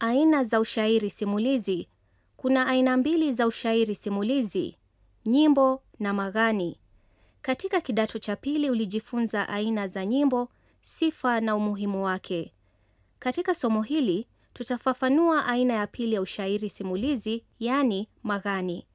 Aina za ushairi simulizi. Kuna aina mbili za ushairi simulizi: nyimbo na maghani. Katika kidato cha pili ulijifunza aina za nyimbo, sifa na umuhimu wake. Katika somo hili tutafafanua aina ya pili ya ushairi simulizi, yaani maghani.